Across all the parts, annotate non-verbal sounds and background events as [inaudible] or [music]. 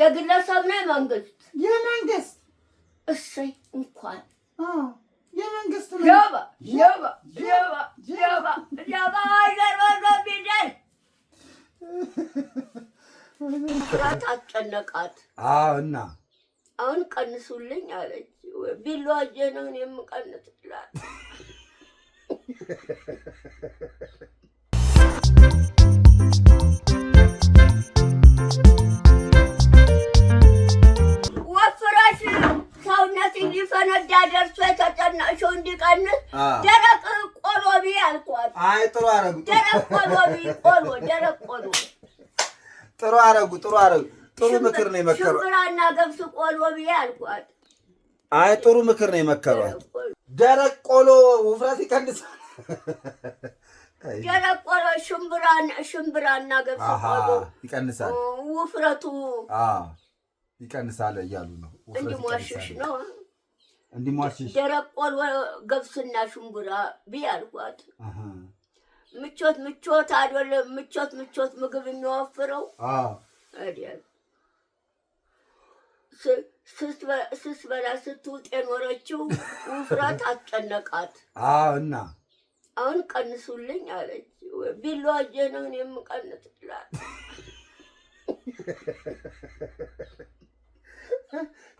የግለሰብ ነው የመንግስት የመንግስት እሰይ እንኳን የመንግስት እና አሁን ቀንሱልኝ አለ ቢሎ አጀነውን የምቀንስ [laughs] ሊፈነዳ ደርሶ የተጠናሽው እንዲቀንስ ደረቅ ቆሎ ብዬ አልኳት። አይ ጥሩ አረጉ። ደረቅ ቆሎ ብዬ ቆሎ ደረቅ ቆሎ ጥሩ አረጉ። ጥሩ አረጉ። ጥሩ ምክር ነው የመከሯት። ሽምብራና ገብስ ቆሎ ብዬ አልኳት። አይ ጥሩ ምክር ነው የመከሯት። ደረቅ ቆሎ ውፍረት ይቀንሳል። [laughs] ደረቅ ቆሎ ሽምብራና ገብስ ቆሎ ይቀንሳል፣ ውፍረቱ ይቀንሳል እያሉ ነው። እንዲሟሽሽ ነው። ደረቅ ደረቆል ገብስና ሽምቡራ ብዬ አልኳት። ምቾት ምቾት አደለ ምቾት ምቾት ምግብ የሚወፍረው ስስ በላ ስትውጥ የኖረችው ውፍረት አስጨነቃት እና አሁን ቀንሱልኝ አለች። ቢሏጀ ነው የምቀንስላት [laughs]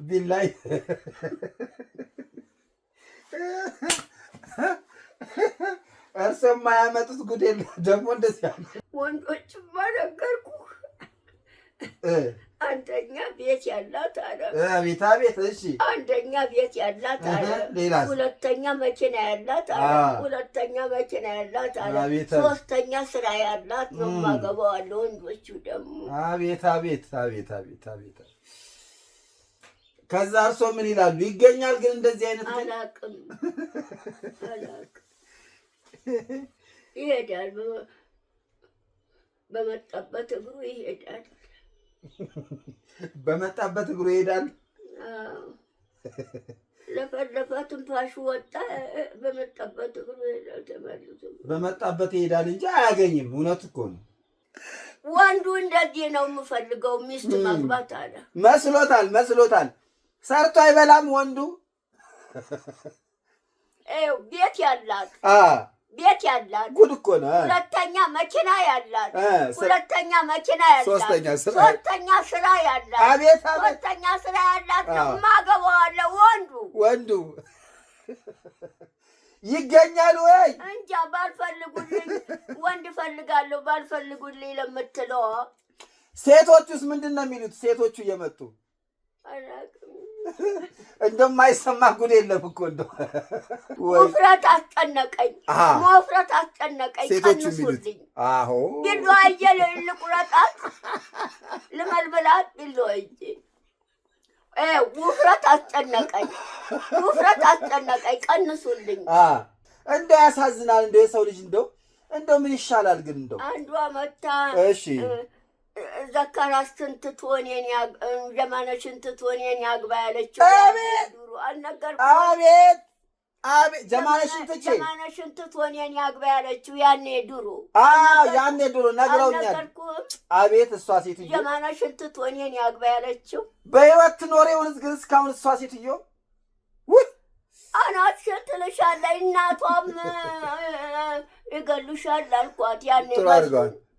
ቢላይ እርስ የማያመጡት ጉድ የለ። ደግሞ እንደዚህ ያለ ወንዶችማ ነገርኩህ። አንደኛ ቤት ያላት አለ ቤታ ቤት እሺ፣ አንደኛ ቤት ያላት አለ፣ ሁለተኛ መኪና ያላት አለ፣ ሁለተኛ መኪና ያላት አለ፣ ሶስተኛ ስራ ያላት ነው። ማገባዋለሁ ወንዶቹ ደግሞ አቤት አቤት አቤት አቤት አቤት ከዛ እርሶ ምን ይላሉ? ይገኛል ግን እንደዚህ አይነት አላቅም አላቅም። ይሄዳል በመጣበት እግሩ ይሄዳል። በመጣበት እግሩ ይሄዳል። ለፈለፈ ትንፋሹ ወጣ። በመጣበት እግሩ ይሄዳል። ተመልሶ በመጣበት ይሄዳል እንጂ አያገኝም። እውነት እኮ ነው። ወንዱ እንደዚህ ነው የምፈልገው ሚስት ማግባት አለ መስሎታል መስሎታል ሰርቶ አይበላም ወንዱ። ቤት ያላት ቤት ያላት ጉድ እኮ ነው። ሁለተኛ መኪና ያላት ሁለተኛ መኪና ያላት ሶስተኛ ስራ ያላት አቤት ሶስተኛ ስራ ያላት ነው። ማገባዋለሁ ወንዱ ወንዱ ይገኛል ወይ እንጃ። ባልፈልጉልኝ ወንድ ፈልጋለሁ ባልፈልጉልኝ ለምትለው ሴቶቹስ ምንድን ነው የሚሉት? ሴቶቹ እየመጡ እንደው የማይሰማ ጉድ የለም እኮ እንደው ውፍረት አስጨነቀኝ፣ መውፍረት አስጨነቀኝ። ቀንሱልኝ ዋየ ልቁረጣት ልመልበላት ልመልመላት ቢላዋዬ ውፍረት አስጨነቀኝ፣ ውፍረት አስጨነቀኝ። ቀንሱልኝ። እንደ ያሳዝናል። እንደ የሰው ልጅ እንደው እንደው ምን ይሻላል ግን እንደው አንዷ መታ እሺ ዘካራስን ትቶ እኔን ዘመነሽን ትቶ እኔን ያግባ ያለችው ዱሩ አልነገርኩም። አቤት አቤት፣ ዘማነሽን ትቼ ዘማነሽን ትቶ እኔን ያግባ ያለችው ያኔ ዱሩ ያኔ ዱሩ ነግረውኛል። አቤት እሷ ሴትዮ ዘማነሽን ትቶ እኔን ያግባ ያለችው በሕይወት ትኖር የሆንስ ግን እስካሁን እሷ ሴትዮ አናትሽን ትልሻለች፣ እናቷም ይገሉሻል አልኳት ያኔ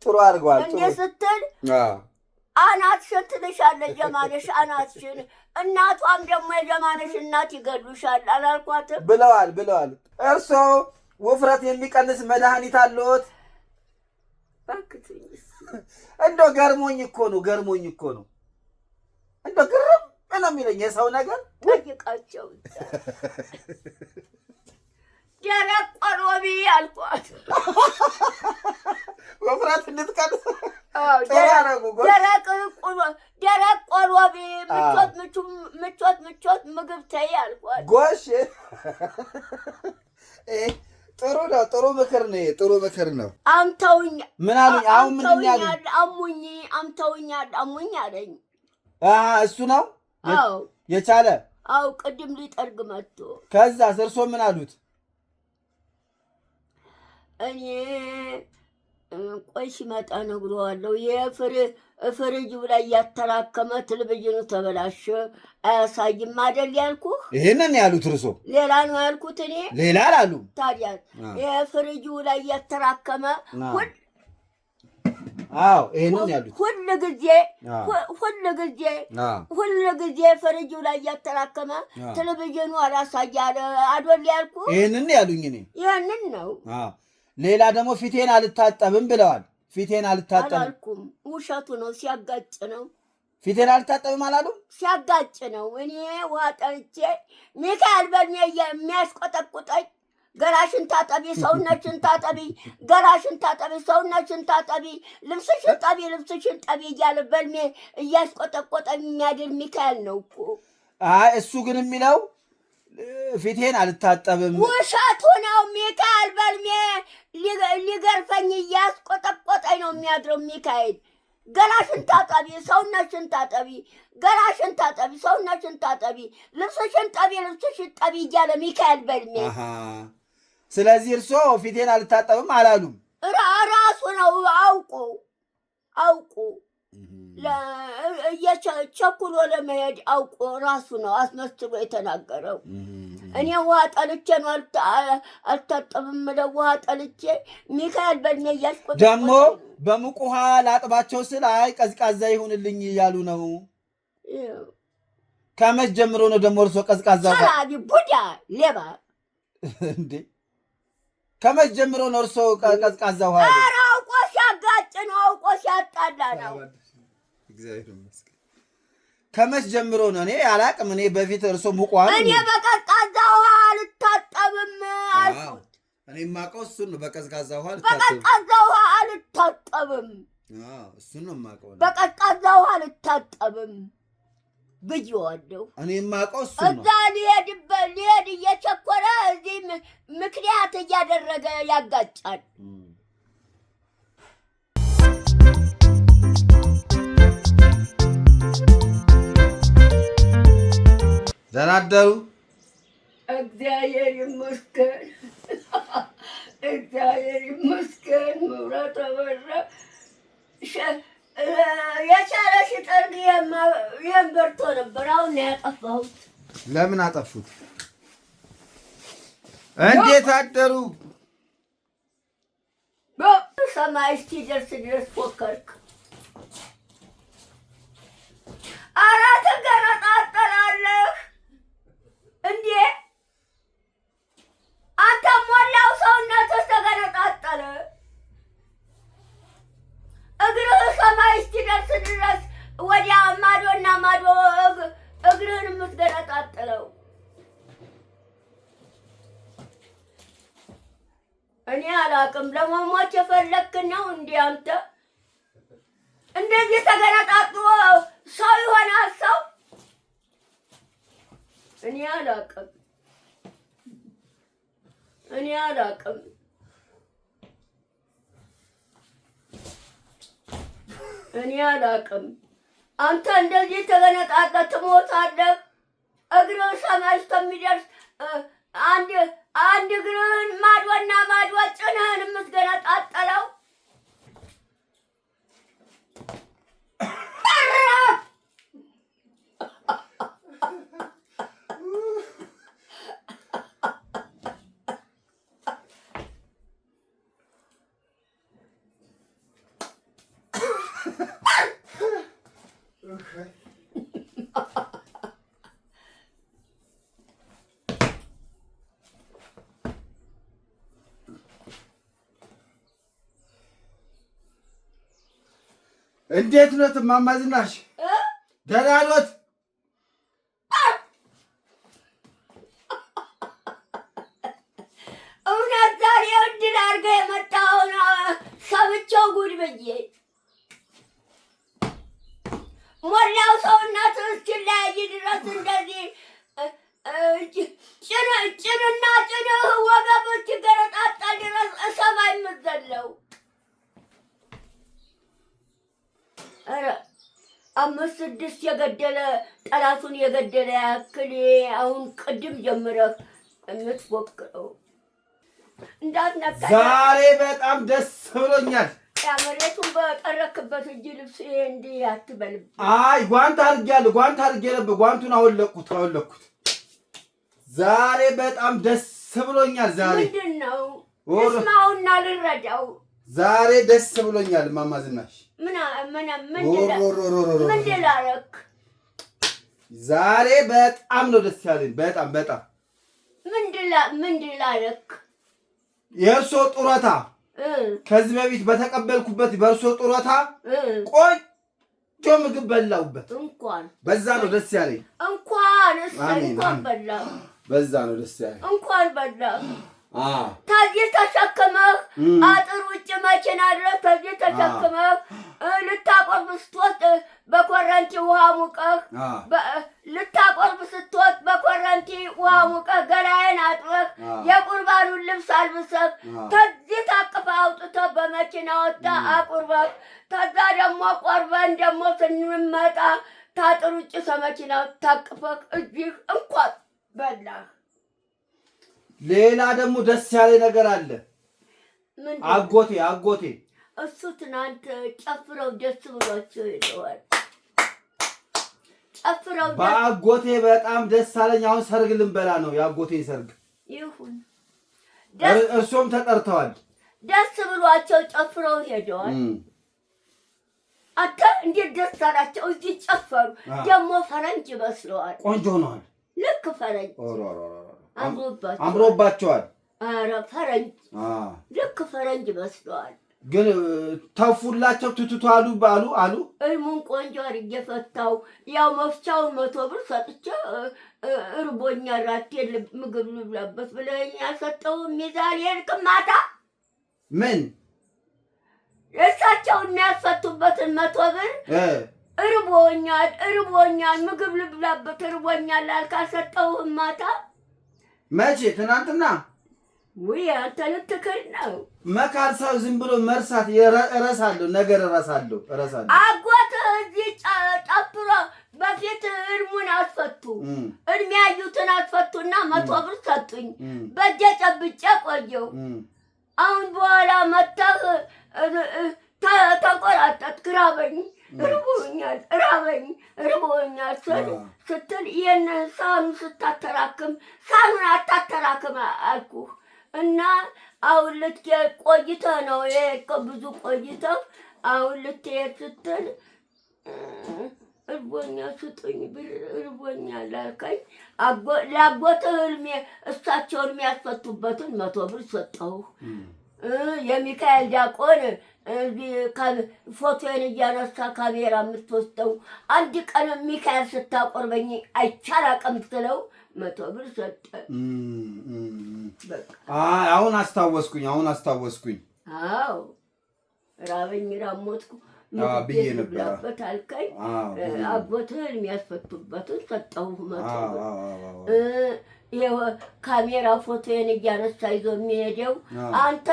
ጥሩ አድርጓል። እንዲህ ስትል አናትሽን ትልሻለች ጀማነሽ አናትሽን። እናቷም ደግሞ የጀማነሽ እናት ይገሉሻል አላልኳትም? ብለዋል ብለዋል። እርሶ ውፍረት የሚቀንስ መድኃኒት አለዎት? እንደው ገርሞኝ እኮ ነው ገርሞኝ እኮ ነው እንደው ግርም ነው የሚለኝ የሰው ነገር ጠይቃቸው። ደረቅ አልኳት። ወፍራት እንድትቀንስ ደረቅ ቆሎ ምቾት ምቾት ምቾት ምግብ ተይ አልኳት። ጎሽ ጥሩ ነው። ጥሩ ምክር ነው። ጥሩ ምክር ነው። አምተውኝ ምን አሉኝ? አሁን ምንድን ያሉኝ? አሙኝ አምተውኛል፣ አሙኝ አለኝ። እሱ ነው የቻለ። አው ቅድም ሊጠርግ መጥቶ ከዛ እርሶ ምን አሉት? እኔ ቆይ ሲመጣ ይሄ ፍሪጅ ላይ ያተራከመ ቴሌቪዥኑ ተበላሸ አያሳይም አይደል ያልኩህ? ይህንን ያሉት እርሶ ሌላ ነው ያልኩት እኔ ሌላ ላሉ። ታዲያ ይሄ ፍሪጅ ላይ ያተራከመ አዎ ይሄንን ያሉት ሁሉ ጊዜ ሁሉ ጊዜ ሁሉ ጊዜ ፍሪጁ ላይ እያተራከመ ቴሌቪዥኑ አላሳይ አዶል ያልኩ ይህንን ያሉኝ እኔ ይሄንን ነው። ሌላ ደግሞ ፊቴን አልታጠብም ብለዋል። ፊቴን አልታጠብም አላልኩም፣ ውሸቱ ነው። ሲያጋጭ ነው። ፊቴን አልታጠብም አላሉ፣ ሲያጋጭ ነው። እኔ ውሃ ጠርቼ ሚካኤል በእኔ የሚያስቆጠቁጠኝ ገላሽን ታጠቢ፣ ሰውነችን ታጠቢ፣ ገላሽን ታጠቢ፣ ሰውነችን ታጠቢ፣ ልብስሽን ጠቢ፣ ልብስሽን ጠቢ እያለ በልሜ እያስቆጠቆጠ የሚያድር ሚካኤል ነው እኮ። አይ እሱ ግን የሚለው ፊቴን አልታጠብም። ውሸቱን ነው ሚካኤል። በልሜ ሊገርፈኝ እያስቆጠቆጠኝ ነው የሚያድረው ሚካኤል። ገላሽን ታጠቢ፣ ሰውነሽን ታጠቢ፣ ገላሽን ታጠቢ፣ ሰውነሽን ታጠቢ፣ ልብስሽን ጠቢ፣ ልብስሽን ጠቢ እያለ ሚካኤል በልሜ። ስለዚህ እርሶ ፊቴን አልታጠብም አላሉም። ራሱ ነው አውቁ አውቁ ቸኩሎ ለመሄድ አውቆ ራሱ ነው አስመስሎ የተናገረው። እኔ ውሃ ጠልቼ ነው አልታጠብም ብለው ውሃ ጠልቼ ሚካኤል በእድሜ እያስቆ ደግሞ በሙቅ ውሃ ላጥባቸው ስል አይ ቀዝቃዛ ይሁንልኝ እያሉ ነው። ከመች ጀምሮ ነው ደግሞ እርሶ ቀዝቃዛ ሰላቢ ቡዳ ሌባ እንዴ? ከመች ጀምሮ ነው እርሶ ቀዝቃዛ ውሃ አውቆ ሲያጋጭ ነው አውቆ ሲያጣላ ነው። እግዚአብሔር ይመስገን። ከመች ጀምሮ ነው? እኔ አላቅም። እኔ በፊት እርሶ ሙቋል። እኔ በቀዝቃዛ ውሃ አልታጠብም አልኩት። እኔ የማውቀው እሱን ነው። በቀዝቃዛ ውሃ በቀዝቃዛ ውሃ አልታጠብም። እሱን ነው የማውቀው። በቀዝቃዛ ውሃ አልታጠብም ብዬዋለሁ። እኔ የማውቀው እሱ እዛ ሊሄድ እየቸኮረ እዚህ ምክንያት እያደረገ ያጋጫል። ደህና አደሩ። እግዚአብሔር ይመስገን፣ እግዚአብሔር ይመስገን። መብራት አበራ። የቻለ ሲጠርግ ይህን በርቶ ነበር። አሁን ነው ያጠፋሁት። ለምን አጠፉት? እንዴት አደሩ? ሰማይ እስኪደርስ ድረስ ፎከርክ። አራት ገና ትገነጣጠላለህ እንዴ አንተ ሞላው ሰውነትህ ተገነጣጠለ። እግርህ ሰማይ እስኪደርስ ድረስ ወዲያ ማዶና ማዶ እግርህን የምትገነጣጥለው እኔ አላቅም ለመሞት የፈለክ ነው እንዴ አንተ? እንደዚህ ተገነጣጥሎ ሰው ይሆናል ሰው እኔ አላውቅም፣ እኔ አላውቅም። እኔ አላውቅም። አንተ እንደዚህ ተገነጣጥለህ ትሞታለህ። እግርህ ሰማይ እስከሚደርስ አንድ አንድ እግርህን ማዷና ማዷ ጭንህን የምትገነጣጠለው እንዴት ነው እማማ ዝናሽ ደህና ኖት? ራሱን የገደለ ያክል አሁን ቅድም ጀምረህ የምትፎክረው እንዳትነካ። ዛሬ በጣም ደስ ብሎኛል። መሬቱን በጠረክበት እጅ ልብስ እንዲህ አትበልብ። አይ ጓንት አድርጌያለሁ፣ ጓንት አድርጌ ነበር። ጓንቱን አወለኩት፣ ዛሬ በጣም ደስ ብሎኛል። ዛሬ ምንድን ነው እስማውና ልረዳው። ዛሬ ደስ ብሎኛል። ማማ ዝናሽ ምን ምን ምን ምን ዛሬ በጣም ነው ደስ ያለኝ። በጣም በጣም ምንድን ላደረክ? የእርሶ ጡረታ ከዚህ በፊት በተቀበልኩበት በእርሶ ጡረታ ቆንጆ ምግብ በላሁበት። እንኳን በዛ ነው ደስ ያለኝ። እንኳን በላ በዛ ነው ደስ ያለኝ። እንኳን በላ ከዚህ ተሸክመህ አጥር ውጭ መኪና ድረስ ከዚህ ተሸክመህ ልታቆርብ ስትወጥ በኮረንቲ ውሃ ሙቀህ ልታቆርብ ስትወጥ በኮረንቲ ውሃ ሙቀህ ገላዬን አጥበህ የቁርባኑን ልብስ አልብሰህ ከዚህ ታቅፈ በመኪና አቁርበህ ከዛ ደግሞ ቆርበን ደግሞ ስንመጣ ታጥር ውጭ ታቅፈህ እንኳን በላህ። ሌላ ደግሞ ደስ ያለ ነገር አለ። አጎቴ አጎቴ እሱ ትናንት ጨፍረው ደስ ብሏቸው ይለዋል። ጨፍረው በአጎቴ በጣም ደስ አለኝ። አሁን ሰርግ ልንበላ ነው። የአጎቴ ሰርግ ይሁን። እርሶም ተጠርተዋል። ደስ ብሏቸው ጨፍረው ሄደዋል። አታ እንዴት ደስ አላቸው። እዚህ ጨፈሩ ደግሞ ፈረንጅ ይመስለዋል። ቆንጆ ነዋል። ልክ ፈረንጅ አምሮባቸዋል። ኧረ ፈረንጅ ልክ ፈረንጅ መስለዋል። ግን ተፉላቸው ትትቱ አሉ ባሉ አሉ እልሙን ቆንጆ አድርጌ ፈታው። ያው መፍቻውን መቶ ብር ሰጥቼ እርቦኛ ራት ምግብ ልብላበት ብለኸኝ ያሰጠው የዛሬ ልቅም ማታ ምን እሳቸው የሚያስፈቱበትን መቶ ብር እርቦኛል፣ እርቦኛል ምግብ ልብላበት እርቦኛል አልክ፣ አልሰጠሁህም ማታ መቼ? ትናንትና። ውይ አንተ ልትክል ነው። መካር ሰው ዝም ብሎ መርሳት። እረሳለሁ፣ ነገር እረሳለሁ፣ እረሳለሁ። አጎት እዚህ ጠፍሮ በፊት እልሙን አስፈቱ እልም ያዩትን አስፈቱና መቶ ብር ሰጡኝ። በእጄ ጨብጬ ቆየው። አሁን በኋላ መጥተህ ተቆራጠጥክ፣ ራበኝ ርቦኛል፣ ራበኝ፣ ርቦኛል ስትል ይህን ሳኑ ስታተራክም ሳኑን አታተራክም አልኩ እና አሁን ልትሄድ ቆይተ ነው የሄድከው፣ ብዙ ቆይተ አሁን ልትሄድ ስትል እርቦኛ ስጡኝ ብር እርቦኛ ላልከኝ ለአጎትህ እልሜ እሳቸውን የሚያስፈቱበትን መቶ ብር ሰጠው የሚካኤል ዲያቆን ፎቶን እያነሳ ካሜራ የምትወስደው አንድ ቀን ሚካኤል ስታቆርበኝ አይቻላቅም ትለው መቶ ብር ሰጠ። አሁን አስታወስኩኝ፣ አሁን አስታወስኩኝ። አዎ ራበኝ ራሞትኩ ብዬ ነበረበት አልከኝ። አጎትህን የሚያስፈቱበትን ሰጠው መቶ ብር ካሜራ ፎቶዬን እያነሳ ይዞ የሚሄደው አንተ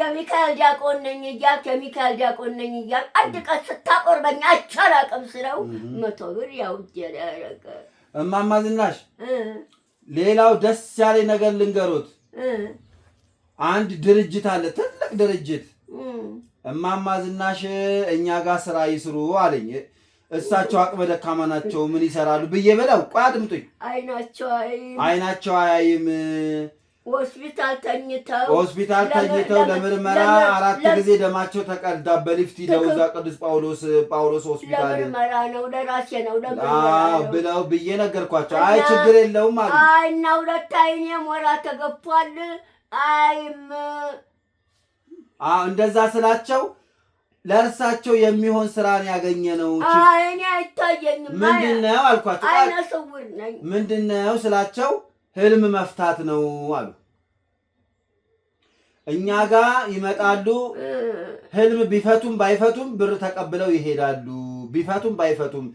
የሚካኤል ዲያቆን ነኝ እያልክ የሚካኤል ዲያቆን ነኝ እያልክ አንድ ቀን ስታቆርበኝ አቻላቅም ስለው መቶ ብር ያው ያደረገ እማማ ዝናሽ። ሌላው ደስ ያለኝ ነገር ልንገሩት። አንድ ድርጅት አለ፣ ትልቅ ድርጅት። እማማ ዝናሽ እኛ ጋር ስራ ይስሩ አለኝ። እሳቸው አቅመ ደካማ ናቸው ምን ይሰራሉ ብዬ በለው። ቆይ አድምጡኝ። አይናቸው አይም አይናቸው አያይም ሆስፒታል ተኝተው ሆስፒታል ተኝተው ለምርመራ አራት ጊዜ ደማቸው ተቀዳ በሊፍት ሂደው እዛ ቅዱስ ጳውሎስ ጳውሎስ ሆስፒታል ለምርመራ ነው ለራሴ ነው ብለው ብዬ ነገርኳቸው። አይ ችግር የለውም አሉ። አይ እና ሁለት አይኔ ሞራ ተገፏል። አይም እንደዛ ስላቸው ለእርሳቸው የሚሆን ስራን ያገኘ ነው። አይኔ አይታየኝም። ምንድን ነው አልኳቸው። አይነ ስውር ነኝ። ምንድን ነው ስላቸው ህልም መፍታት ነው አሉ። እኛ ጋ ይመጣሉ። ህልም ቢፈቱም ባይፈቱም ብር ተቀብለው ይሄዳሉ። ቢፈቱም ባይፈቱም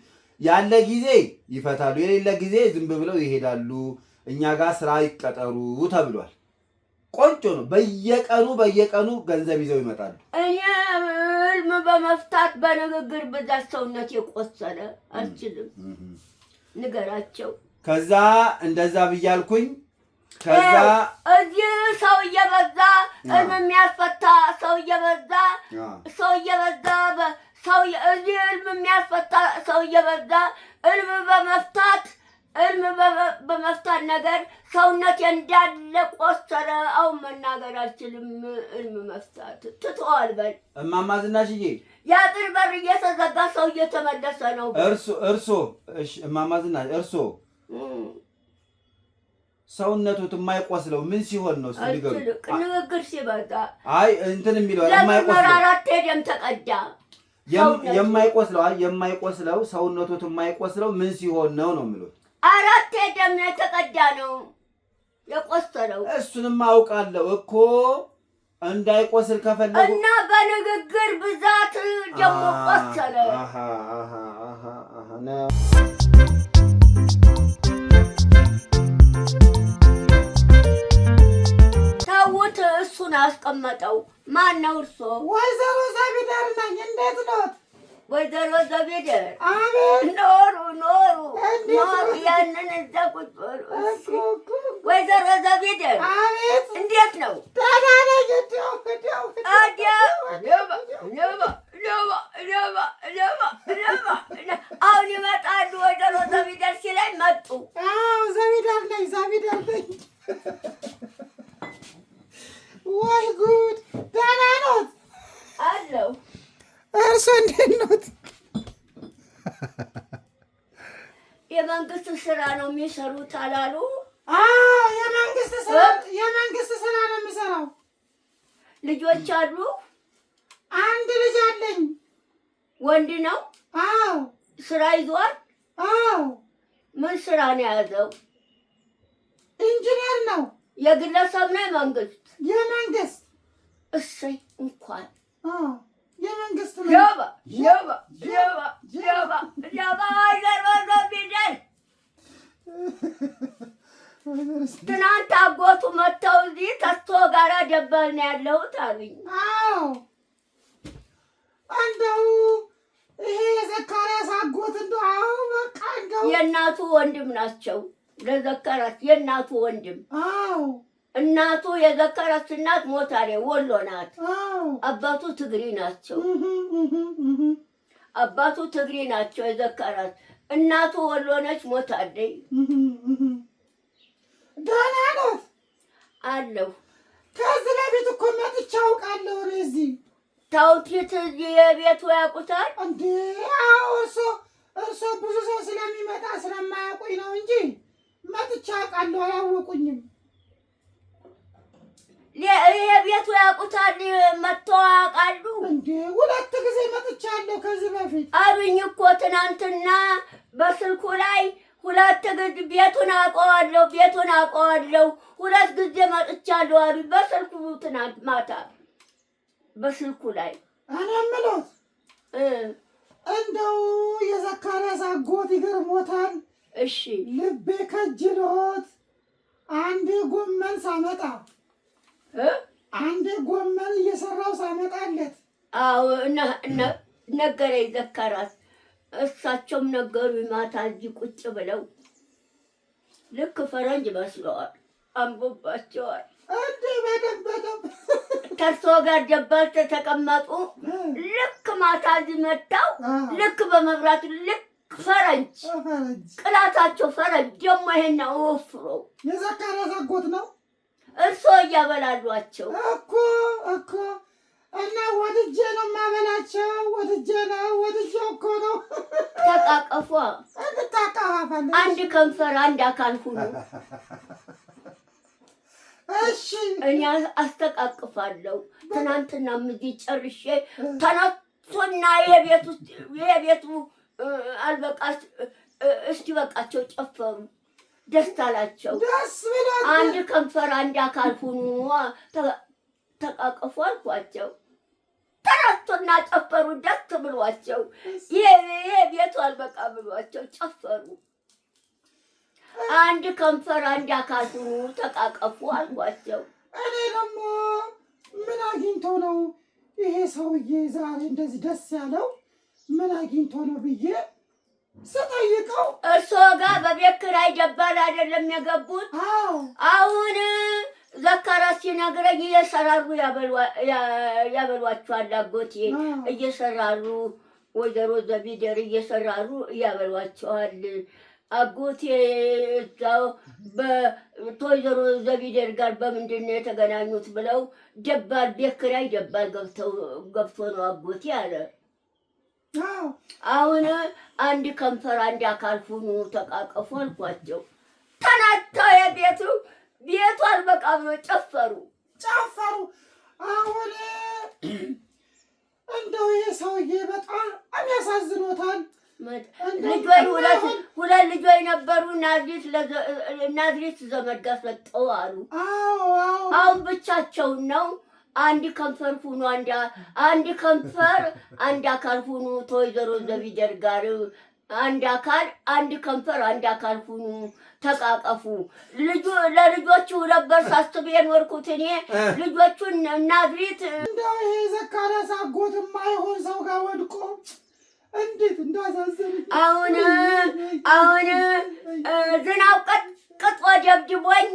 ያለ ጊዜ ይፈታሉ፣ የሌለ ጊዜ ዝም ብለው ይሄዳሉ። እኛ ጋ ስራ ይቀጠሩ ተብሏል። ቆንጆ ነው። በየቀኑ በየቀኑ ገንዘብ ይዘው ይመጣሉ። እኔ ህልም በመፍታት በንግግር ብዛት ሰውነት የቆሰለ አልችልም። ንገራቸው ከዛ እንደዛ ብያልኩኝ ከዛ እዚህ ሰው እየበዛ የሚያስፈታ ሰው እየበዛ ሰው እየበዛ ሰው እዚህ እልም የሚያስፈታ ሰው እየበዛ እልም በመፍታት እልም በመፍታት ነገር ሰውነት እንዳለ ቆሰረ። አሁን መናገር አልችልም። እልም መፍታት ትተዋል። በል እማማ ዝናሽዬ የአጥር በር እየተዘጋ ሰው እየተመለሰ ነው። እርሶ እርሶ እማማ ዝናሽ እርሶ ሰውነቱ የማይቆስለው ምን ሲሆን ነው? ሲገሩ ንግግር ሲበዛ አይ እንትን የሚለው ለመራራት ደም ተቀዳ። የማይቆስለው አይ የማይቆስለው ሰውነቱ የማይቆስለው ምን ሲሆን ነው ነው የሚሉት። አራት ደም የተቀዳ ነው የቆሰለው። እሱንም አውቃለሁ እኮ እንዳይቆስል ከፈለጉ እና በንግግር ብዛት ደግሞ ቆሰለ። ስሙት እሱን አስቀመጠው። ማን ነው እርሶ? ወይዘሮ ዘቢደር ነኝ። እንዴት ነው ወይዘሮ ዘቢደር አሜን። ኖሩ ኖሩ ኖሩ። ያንን እዛ ቁጭ ወይዘሮ ዘቢደር እንዴት ነው? ደህና ነኝ። ጋራ ደባል ነው ያለሁት አሉኝ። አዎ እንደው ይሄ የዘካርያስ አጎት እንደው አዎ በቃ እንደው የእናቱ ወንድም ናቸው። ለዘካራት የእናቱ ወንድም አዎ እናቱ የዘካርያስ እናት ሞታሬ ወሎ ናት። አባቱ ትግሪ ናቸው። አባቱ ትግሪ ናቸው የዘካርያስ እናቱ ወሎ ነች። ሞታለች። ደህና ናት አለሁ ከዚህ ለቤት እኮ መጥቼ አውቃለሁ። እኔ እዚህ ታውቂት የቤቱ ያውቁታል እንዴ? አዎ እርሶ እርሶ ብዙ ሰው ስለሚመጣ ስለማያውቁኝ ነው እንጂ መጥቼ አውቃለሁ። አላወቁኝም። ይሄ ቤቱ ያውቁታል። መጥተው ያውቃሉ እንዴ? ሁለት ጊዜ መጥቻለሁ ከዚህ በፊት አሉኝ እኮ ትናንትና በስልኩ ላይ ሁለት ግድ ቤቱን አውቀዋለሁ ቤቱን አውቀዋለሁ ሁለት ጊዜ መጥቻለሁ አሉ። በስልኩ ትናንት ማታ በስልኩ ላይ እኔ እንደው የዘካርያስ አጎት ይገርሞታል። እሺ ልቤ ከጅሎት አንዴ ጎመን ሳመጣ አንዴ ጎመን እየሰራው ሳመጣለት አዎ ነገረኝ ዘካርያስ እሳቸውም ነገሩ ማታ እዚህ ቁጭ ብለው ልክ ፈረንጅ መስለዋል። አንቦባቸዋል። ከእርሶ ጋር ደባል ተቀመጡ። ልክ ማታ እዚህ መጣው ልክ በመብራት ልክ ፈረንጅ ቅላታቸው ፈረንጅ ደግሞ ይሄን ወፍሮ የዘካሪያስ አጎት ነው እርሶ እያበላሏቸው እኮ አንድ ከንፈር አንድ አካል ሁኑ። እሺ እኔ አስተቃቅፋለሁ። ትናንትና እዚህ ጨርሼ ተነሱና የቤቱ የቤቱ አልበቃስ እስቲ በቃቸው ጨፈሩ። ደስ አላቸው። አንድ ከንፈር አንድ አካል ሁኑ ተቃቀፉ አልኳቸው። ተነሱና ጨፈሩ። ደስ ብሏቸው ይሄ ቤቱ አልበቃ ብሏቸው ጨፈሩ። አንድ ከንፈር አንድ አካል ሁኑ ተቃቀፉ አልኳቸው። እኔ ደግሞ ምን አግኝቶ ነው ይሄ ሰውዬ ዛሬ እንደዚህ ደስ ያለው ምን አግኝቶ ነው ብዬ ስጠይቀው እርስዎ ጋር በቤት ኪራይ ደባል አይደለም የገቡት? አሁን ዘካራስ ሲነግረኝ እየሰራሩ ያበሏቸዋል። አጎቴ እየሰራሩ ወይዘሮ ዘቢደር እየሰራሩ ያበሏቸዋል። አጎቴ እዛው በቶይዘሮ ዘቢደር ጋር በምንድን ነው የተገናኙት ብለው ደባል ቤት ኪራይ ደባል ገብቶ ነው አጎቴ አለ። አሁን አንድ ከንፈር አንድ አካል ሁኑ ተቃቀፉ አልኳቸው። ተናታ የቤቱ ቤቱ አልበቃ ብሎ ጨፈሩ ጨፈሩ። አሁን [clears throat] እንደው ይህ ሰውዬ በጣም ያሳዝኖታል። ልጆች ሁለት ልጆች ነበሩ። ናዝሬት ዘመድ ጋር ሰጠው አሉ። አሁን ብቻቸውን ነው። አንድ ከንፈር ሁኑ አንድ ከንፈር አንድ አካል ሁኑ ተወይዘሮ ዘቢደር ጋር አንድ አካል አንድ ከንፈር አንድ አካል ሁኑ ተቃቀፉ። ልጁ ለልጆቹ ነበር ሳስብ የኖርኩት እኔ ልጆቹን ናዝሬት እንደው ይሄ ዘካሪያስ አጎትማ ይሆን ሰው ጋር ወድቆ እንዴት እንዳሳዘነኝ። አሁን አሁን ዝናብ ቀጥ ቀጥ ወደብድቦኝ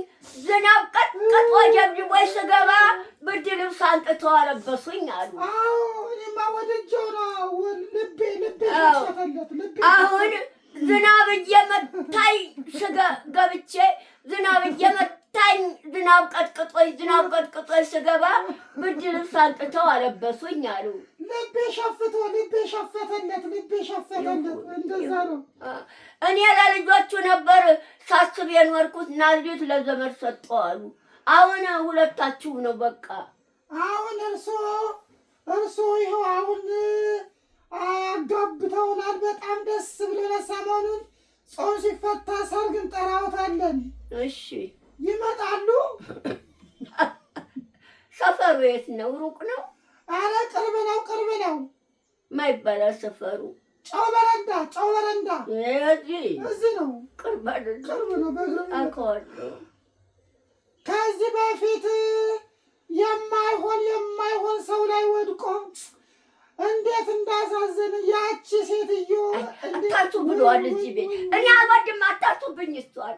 ዝናብ ቀጥ ቀጥ ወደብድቦኝ ስገባ ብርድ ልብስ አንጥተው አለበሱኝ አሉ። አሁን ዝናብ እየመታኝ ስገብቼ ዝናብ እየመ መታኝ። ዝናብ ቀጥቅጦኝ ዝናብ ቀጥቅጦች ስገባ ብርድ ልብስ አንጥተው አለበሱኝ አሉ። ልቤ ሸፍቶ ልቤ ሸፈተለት ልቤ ሸፈተለት። እንደዛ ነው። እኔ ለልጆቹ ነበር ሳስብ የኖርኩት። ናዝሬት ለዘመድ ሰጠው አሉ። አሁን ሁለታችሁ ነው በቃ። አሁን እርስዎ እርስዎ ይኸው አሁን አጋብተውናል። በጣም ደስ ብሎናል። ሰሞኑን ጾም ሲፈታ ሰርግ እንጠራውታለን። እሺ ይመጣሉ። [coughs] ሰፈሩ የት ነው? ሩቅ ነው? አረ ቅርብ ነው፣ ቅርብ ነው። ማይባላ ሰፈሩ ጨው በረንዳ፣ ጨው በረንዳ እዚህ ነው። ቅርብ ነው። ከዚህ በፊት የማይሆን የማይሆን ሰው ላይ ወድቆ እንዴት እንዳሳዘን ያቺ ሴትዮ አታቱ ብሏል። እዚህ ቤት እኔ አልወድም፣ አታቱብኝ ስቷል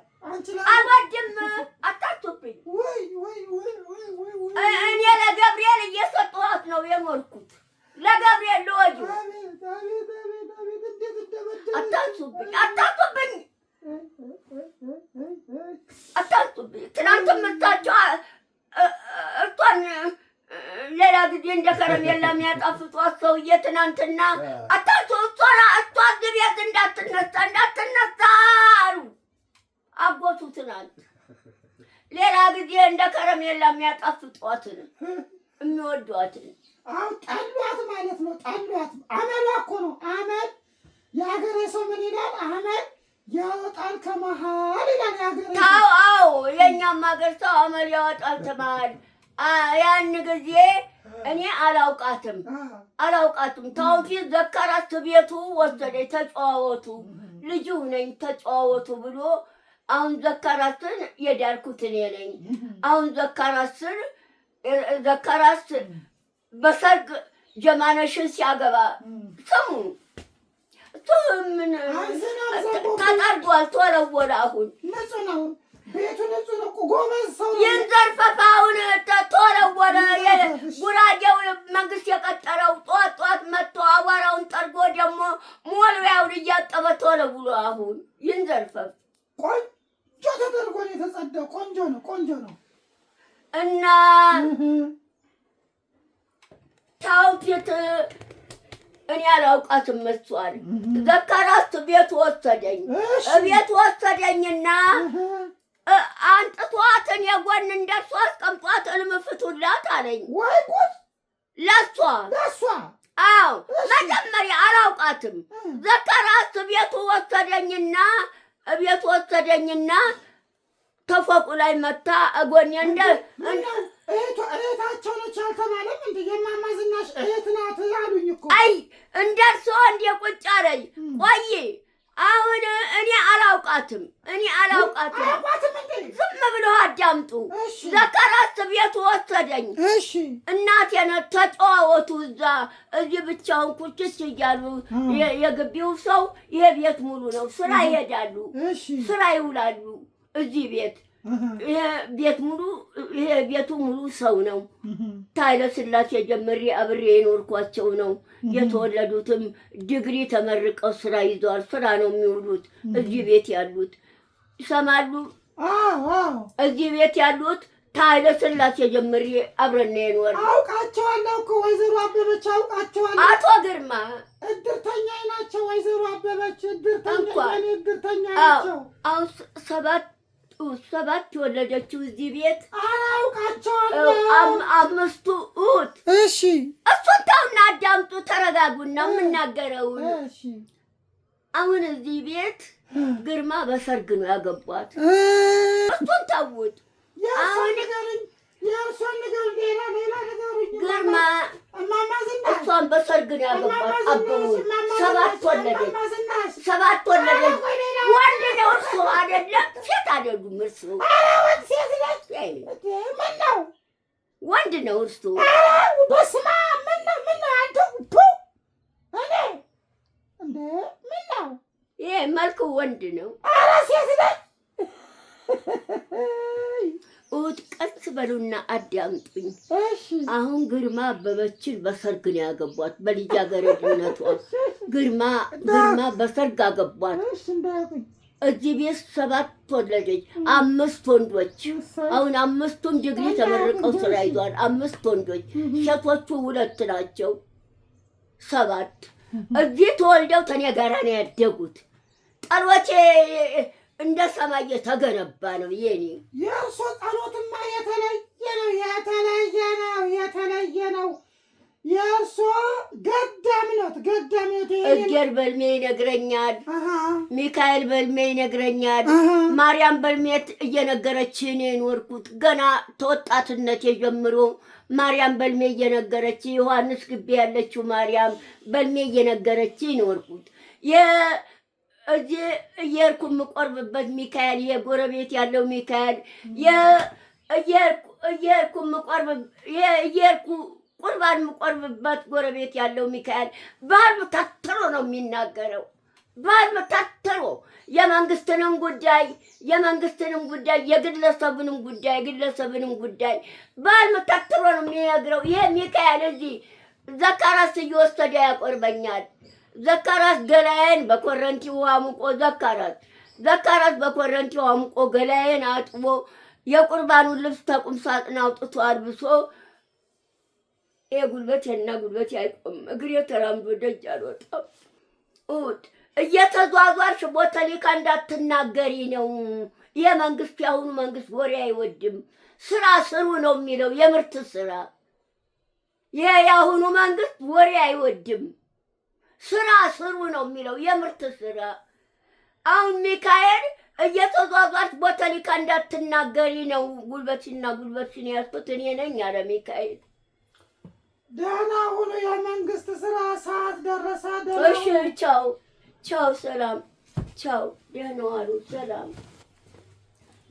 አልወድም። አታቶብኝ። እኔ ለገብርኤል እየሰጠኋት ነው የኖርኩት። ለገብርኤል ልወድ አታቱብኝ፣ አታቱብኝ፣ አታቱብኝ። ትናንትም እታቸው እቷን ሌላ ጊዜ እንደ ከረሜላ የሚያጣፍጧት ሰውዬ ትናንትና አታቱ እሷ እሷ ግቤት እንዳትነሳ እንዳትነሳ አሉ። ይሞቱትናል። ሌላ ጊዜ እንደ ከረሜላ የሚያጣፍጧትን የሚወዷትን አሁን ጣሏት ማለት ነው። ጣሏት አመሏ እኮ ነው። አመል የሀገሬ ሰው ምን ይላል? አመል ያወጣል ከመሀል ይላል የሀገሬ አዎ የእኛም ሀገር ሰው አመል ያወጣል ከመሀል። ያን ጊዜ እኔ አላውቃትም አላውቃትም። ታውፊት ዘከራት ቤቱ ወሰደ። ተጫዋወቱ ልጁ ነኝ ተጫዋወቱ ብሎ አሁን ዘካራስን የዳርኩት እኔ ነኝ። አሁን ዘካራስን ዘካራስ በሰርግ ጀማነሽን ሲያገባ ስሙ ተጠርጓል፣ ተወለወለ። አሁን ይንዘርፈፋ አሁን ተወለወለ። ጉራጌው መንግስት የቀጠረው ጧት ጧት መጥቶ አቧራውን ጠርጎ ደግሞ ሞልያውን እያጠበ ተወለውሎ አሁን ይንዘርፈፍ ተደርጎ ነው የተጸዳው። ቆንጆ ነው፣ ቆንጆ ነው እና ታውት የት እኔ አላውቃትም። መስዋል ዘካራስ ቤት ወሰደኝ። ቤት ወሰደኝና አንጥቷት እኔ ጎን እንደሷ አስቀምጧት እልም ፍቱላት አለኝ። ለሷ ለሷ አዎ፣ መጀመሪያ አላውቃትም። ዘካራስ ቤቱ ወሰደኝና እቤት ወሰደኝና ተፎቁ ላይ መታ እጎኔ እንደ እህታቸው ነች ያልተባለም እንደ የማማ ዝናሽ እህት ናት አሉኝ እኮ። አይ እንደርሶ እንደ ቁጭ አለኝ ቆይ አሁን እኔ አላውቃትም፣ እኔ አላውቃትም። ዝም ብሎ አዳምጡ። ዘከረስ ቤት ወሰደኝ። እናቴ ናት። ተጨዋወቱ እዛ እዚህ ብቻውን ኩችስ እያሉ የግቢው ሰው ይሄ ቤት ሙሉ ነው። ስራ ይሄዳሉ፣ ስራ ይውላሉ እዚህ ቤት [laughs] ቤት ሙሉ ይሄ ቤቱ ሙሉ ሰው ነው። ታይለ ስላሴ ጀምሬ አብሬ የኖርኳቸው ነው። የተወለዱትም ዲግሪ ተመርቀው ስራ ይዘዋል። ስራ ነው የሚውሉት። እዚህ ቤት ያሉት ይሰማሉ። እዚህ ቤት ያሉት ታይለ ስላሴ ጀምሬ አብረን የኖር አውቃቸዋለሁ እኮ ወይዘሮ አበበች አውቃቸዋለሁ። አቶ ግርማ እድርተኛ ናቸው። ወይዘሮ አበበች እድርተኛ ናቸው። ሰባት ሰባት የወለደችው እዚህ ቤት አላውቃቸዋለሁ። አምስቱ ት እሺ፣ እሱን ተውና አዳምጡ፣ ተረጋጉና የምናገረውን አሁን እዚህ ቤት ግርማ በሰርግ ነው ያገቧት። እሱን ተውት አሁን ግርማ እሷን በሰርግ ነው ያገባት። አብሮ ሰባት ወለደ ሰባት ወለደች። ወንድ ነው እሱ አይደለም፣ ሴት አይደሉም። እርሱ ወንድ ነው እርሱ ይሄ መልኩ ወንድ ነው። እሑድ ቀስ በሉና አዳምጡኝ። አሁን ግርማ አበበችን በሰርግ ነው ያገቧት። በልጃገረድነቷ ግርማ ግርማ በሰርግ አገቧት። እዚህ ቤት ሰባት ወለደች፣ አምስት ወንዶች። አሁን አምስቱም ድግሪ ተመርቀው ስራ ይዟል። አምስት ወንዶች፣ ሴቶቹ ሁለት ናቸው። ሰባት እዚህ ተወልደው ተኔ ጋራ ነው ያደጉት ጠሎቼ እንደ ሰማይ የተገነባ ነው። የኔ የእርሶ ጸሎትማ የተለየ ነው፣ የተለየ ነው፣ የተለየ ነው። የእርሶ ገዳምነት ገዳምነት እጀር በልሜ ይነግረኛል፣ ሚካኤል በልሜ ይነግረኛል፣ ማርያም በልሜት እየነገረች እየነገረችን ኖርኩት ገና ተወጣትነት የጀምሮ ማርያም በልሜ እየነገረች ዮሐንስ ግቢ ያለችው ማርያም በልሜ እየነገረች ይኖርኩት እዚህ እየሄድኩ የምቆርብበት ሚካኤል የጎረቤት ያለው ሚካኤል እየሄድኩ የምቆርብ እየሄድኩ ቁርባን የምቆርብበት ጎረቤት ያለው ሚካኤል ባል ታትሮ ነው የሚናገረው። ባል ታትሮ የመንግስትንም ጉዳይ የመንግስትንም ጉዳይ የግለሰብንም ጉዳይ የግለሰብንም ጉዳይ ባል ታትሮ ነው የሚነግረው። ይሄ ሚካኤል እዚህ ዘካራስ እየወሰደ ያቆርበኛል። ዘካራስ ገላዬን ውሃ አሙቆ ዘካራስ ዘካራስ በኮረንቲ ውሃ አሙቆ ገላዬን አጥቦ የቁርባኑን ልብስ ተቁም ሳጥን አውጥቶ አልብሶ የጉልበት እና ጉልበት አይቆም እግሬ ተራምዶ ደጅ አልወጣም። እሑድ እየተዟዟርሽ ቦተሊካ እንዳትናገሪ ነው። የመንግስት ያሁኑ መንግስት ወሬ አይወድም። ስራ ስሩ ነው የሚለው የምርት ስራ። ይሄ ያሁኑ መንግስት ወሬ አይወድም። ስራ ስሩ ነው የሚለው፣ የምርት ስራ። አሁን ሚካኤል እየተዟዟች ቦተሊካ እንዳትናገሪ ነው ጉልበትና ጉልበትን ያዝኩት እኔ ነኝ አለ ሚካኤል። ደህና ሁኑ፣ የመንግስት ስራ ሰዓት ደረሰ። እሺ፣ ቻው ቻው፣ ሰላም ቻው፣ ደህና ዋሉ፣ ሰላም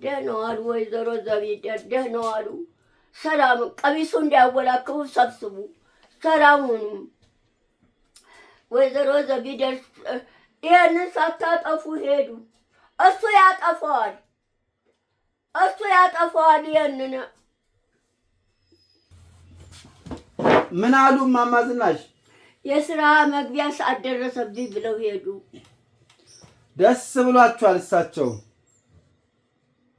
ደህና ዋሉ። ወይዘሮ ዘቢደር ደህና ዋሉ፣ ሰላም። ቀሚሱ እንዳያወላክቡ ሰብስቡ፣ ሰላም ሁኑ። ወይዘሮ ዘቢደርስ ይህንን ሳታጠፉ ሄዱ። እሱ ያጠፋዋል፣ እሱ ያጠፋዋል። ይሄንን ምን አሉ እማማ ዝናሽ? የስራ መግቢያ ሳትደረሰብኝ ብለው ሄዱ። ደስ ብሏቸዋል እሳቸው